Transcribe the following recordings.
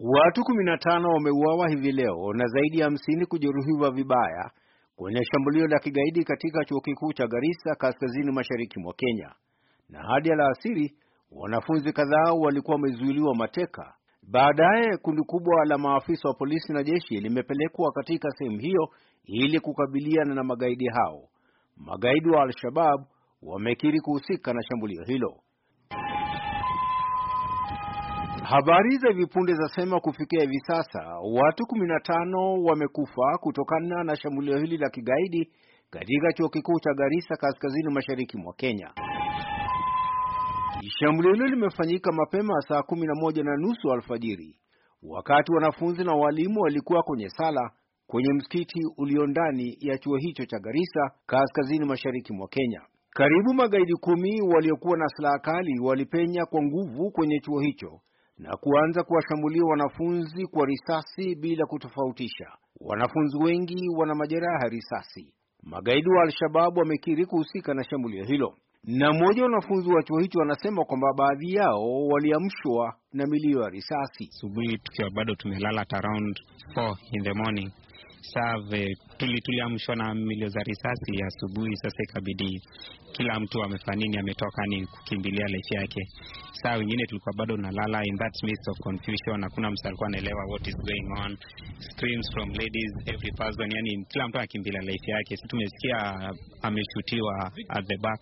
Watu 15 wameuawa hivi leo na zaidi ya hamsini kujeruhiwa vibaya kwenye shambulio la kigaidi katika chuo kikuu cha Garissa kaskazini mashariki mwa Kenya. Na hadi alasiri wanafunzi kadhaa walikuwa wamezuiliwa mateka. Baadaye kundi kubwa la maafisa wa polisi na jeshi limepelekwa katika sehemu hiyo ili kukabiliana na magaidi hao. Magaidi wa Al-Shabab wamekiri kuhusika na shambulio hilo. Habari za vipunde zasema kufikia hivi sasa watu 15 wamekufa kutokana na shambulio hili la kigaidi katika chuo kikuu cha Garissa kaskazini mashariki mwa Kenya. Shambulio hilo limefanyika mapema saa moja na nusu alfajiri wakati wanafunzi na walimu walikuwa kwenye sala kwenye msikiti ulio ndani ya chuo hicho cha Garissa kaskazini mashariki mwa Kenya. Karibu magaidi kumi waliokuwa na silaha kali walipenya kwa nguvu kwenye chuo hicho na kuanza kuwashambulia wanafunzi kwa risasi bila kutofautisha. Wanafunzi wengi wana majeraha risasi. Magaidi wa Al-Shababu wamekiri kuhusika na shambulio hilo, na mmoja wa wanafunzi wa chuo hicho anasema kwamba baadhi yao waliamshwa na milio ya risasi. Asubuhi tukiwa bado tumelala around 4 in the morning save tuli tuliamshwa na milio za risasi asubuhi. Sasa ikabidi kila mtu amefanya nini, ametoka ni kukimbilia life yake. Saa wengine tulikuwa bado nalala, in that midst of confusion, hakuna mtu alikuwa anaelewa what is going on, screams from ladies every person, yani kila mtu akimbilia life yake. Si tumesikia ameshutiwa at the back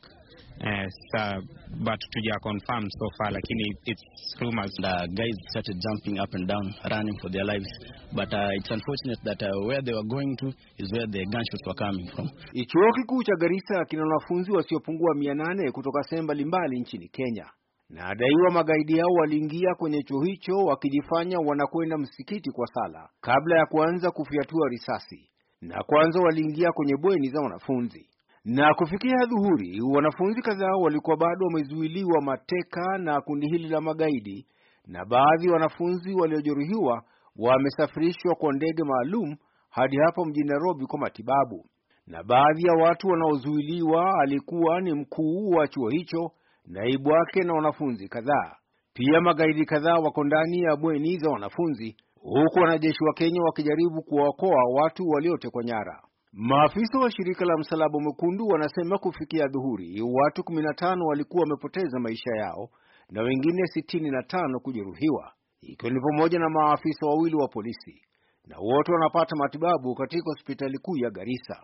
Uh, eh, so, but tuja confirm so far lakini it's rumors. The guys started jumping up and down running for their lives but uh, it's unfortunate that uh, where they were going to is where the gunshots were coming from. Chuo kikuu cha Garissa kina wanafunzi wasiopungua mia nane kutoka sehemu mbalimbali nchini Kenya na adaiwa magaidi hao waliingia kwenye chuo hicho wakijifanya wanakwenda msikiti kwa sala kabla ya kuanza kufyatua risasi na kwanza waliingia kwenye bweni za wanafunzi. Na kufikia dhuhuri, wanafunzi kadhaa walikuwa bado wamezuiliwa mateka na kundi hili la magaidi, na baadhi ya wanafunzi waliojeruhiwa wamesafirishwa kwa ndege maalum hadi hapo mjini Nairobi kwa matibabu. Na baadhi ya watu wanaozuiliwa alikuwa ni mkuu wa chuo hicho, naibu wake na wanafunzi kadhaa. Pia magaidi kadhaa wako ndani ya bweni za wanafunzi, huku wanajeshi wa Kenya wakijaribu kuwaokoa watu waliotekwa nyara. Maafisa wa shirika la Msalaba Mwekundu wanasema kufikia dhuhuri watu 15 walikuwa wamepoteza maisha yao na wengine 65 kujeruhiwa, ikiwa ni pamoja na maafisa wawili wa polisi, na wote wanapata matibabu katika hospitali kuu ya Garissa.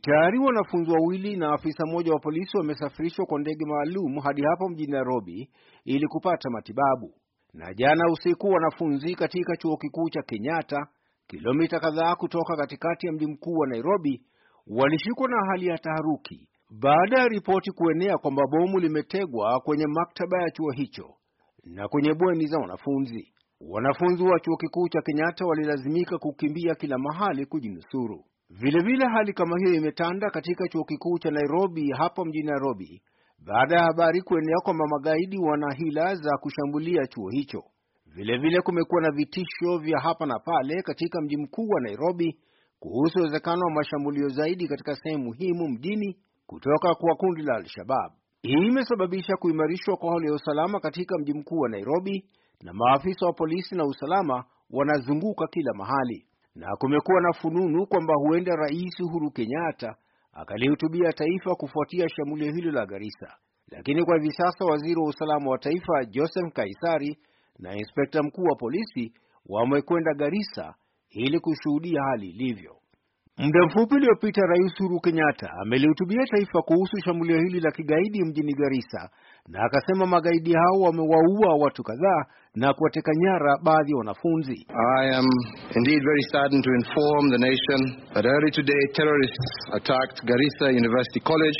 Tayari wanafunzi wawili na afisa mmoja wa polisi wamesafirishwa kwa ndege maalum hadi hapo mjini Nairobi ili kupata matibabu. Na jana usiku wanafunzi katika chuo kikuu cha Kenyatta kilomita kadhaa kutoka katikati ya mji mkuu wa Nairobi, walishikwa na hali ya taharuki baada ya ripoti kuenea kwamba bomu limetegwa kwenye maktaba ya chuo hicho na kwenye bweni za wanafunzi. Wanafunzi wa chuo kikuu cha Kenyatta walilazimika kukimbia kila mahali kujinusuru. Vilevile, hali kama hiyo imetanda katika chuo kikuu cha Nairobi hapa mjini Nairobi baada ya habari kuenea kwamba magaidi wana hila za kushambulia chuo hicho. Vilevile kumekuwa na vitisho vya hapa na pale katika mji mkuu wa Nairobi kuhusu uwezekano wa mashambulio zaidi katika sehemu muhimu mjini kutoka kwa kundi la Al-Shabab. Hii imesababisha kuimarishwa kwa hali ya usalama katika mji mkuu wa Nairobi, na maafisa wa polisi na usalama wanazunguka kila mahali, na kumekuwa na fununu kwamba huenda Rais Uhuru Kenyatta akalihutubia taifa kufuatia shambulio hilo la Garissa. Lakini kwa hivi sasa waziri wa usalama wa taifa Joseph Kaisari na inspekta mkuu wa polisi wamekwenda Garissa ili kushuhudia hali ilivyo. Muda mfupi uliopita, Rais Uhuru Kenyatta amelihutubia taifa kuhusu shambulio hili la kigaidi mjini Garissa, na akasema magaidi hao wamewaua watu kadhaa na kuwateka nyara baadhi ya wanafunzi. I am indeed very saddened to inform the nation that early today terrorists attacked Garissa University College,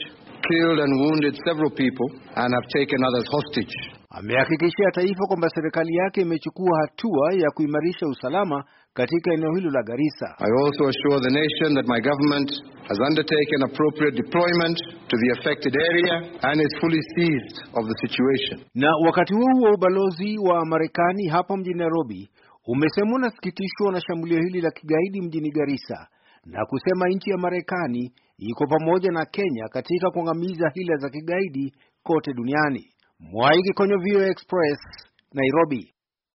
killed and wounded several people and have taken others hostage amehakikishia taifa kwamba serikali yake imechukua hatua ya kuimarisha usalama katika eneo hilo la Garissa. I also assure the nation that my government has undertaken appropriate deployment to the affected area and is fully seized of the situation. Na wakati huo huo ubalozi wa Marekani hapa mjini Nairobi umesema unasikitishwa na shambulio hili la kigaidi mjini Garissa na kusema nchi ya Marekani iko pamoja na Kenya katika kuangamiza hila za kigaidi kote duniani. Mwaiki kwenye VOA Express Nairobi.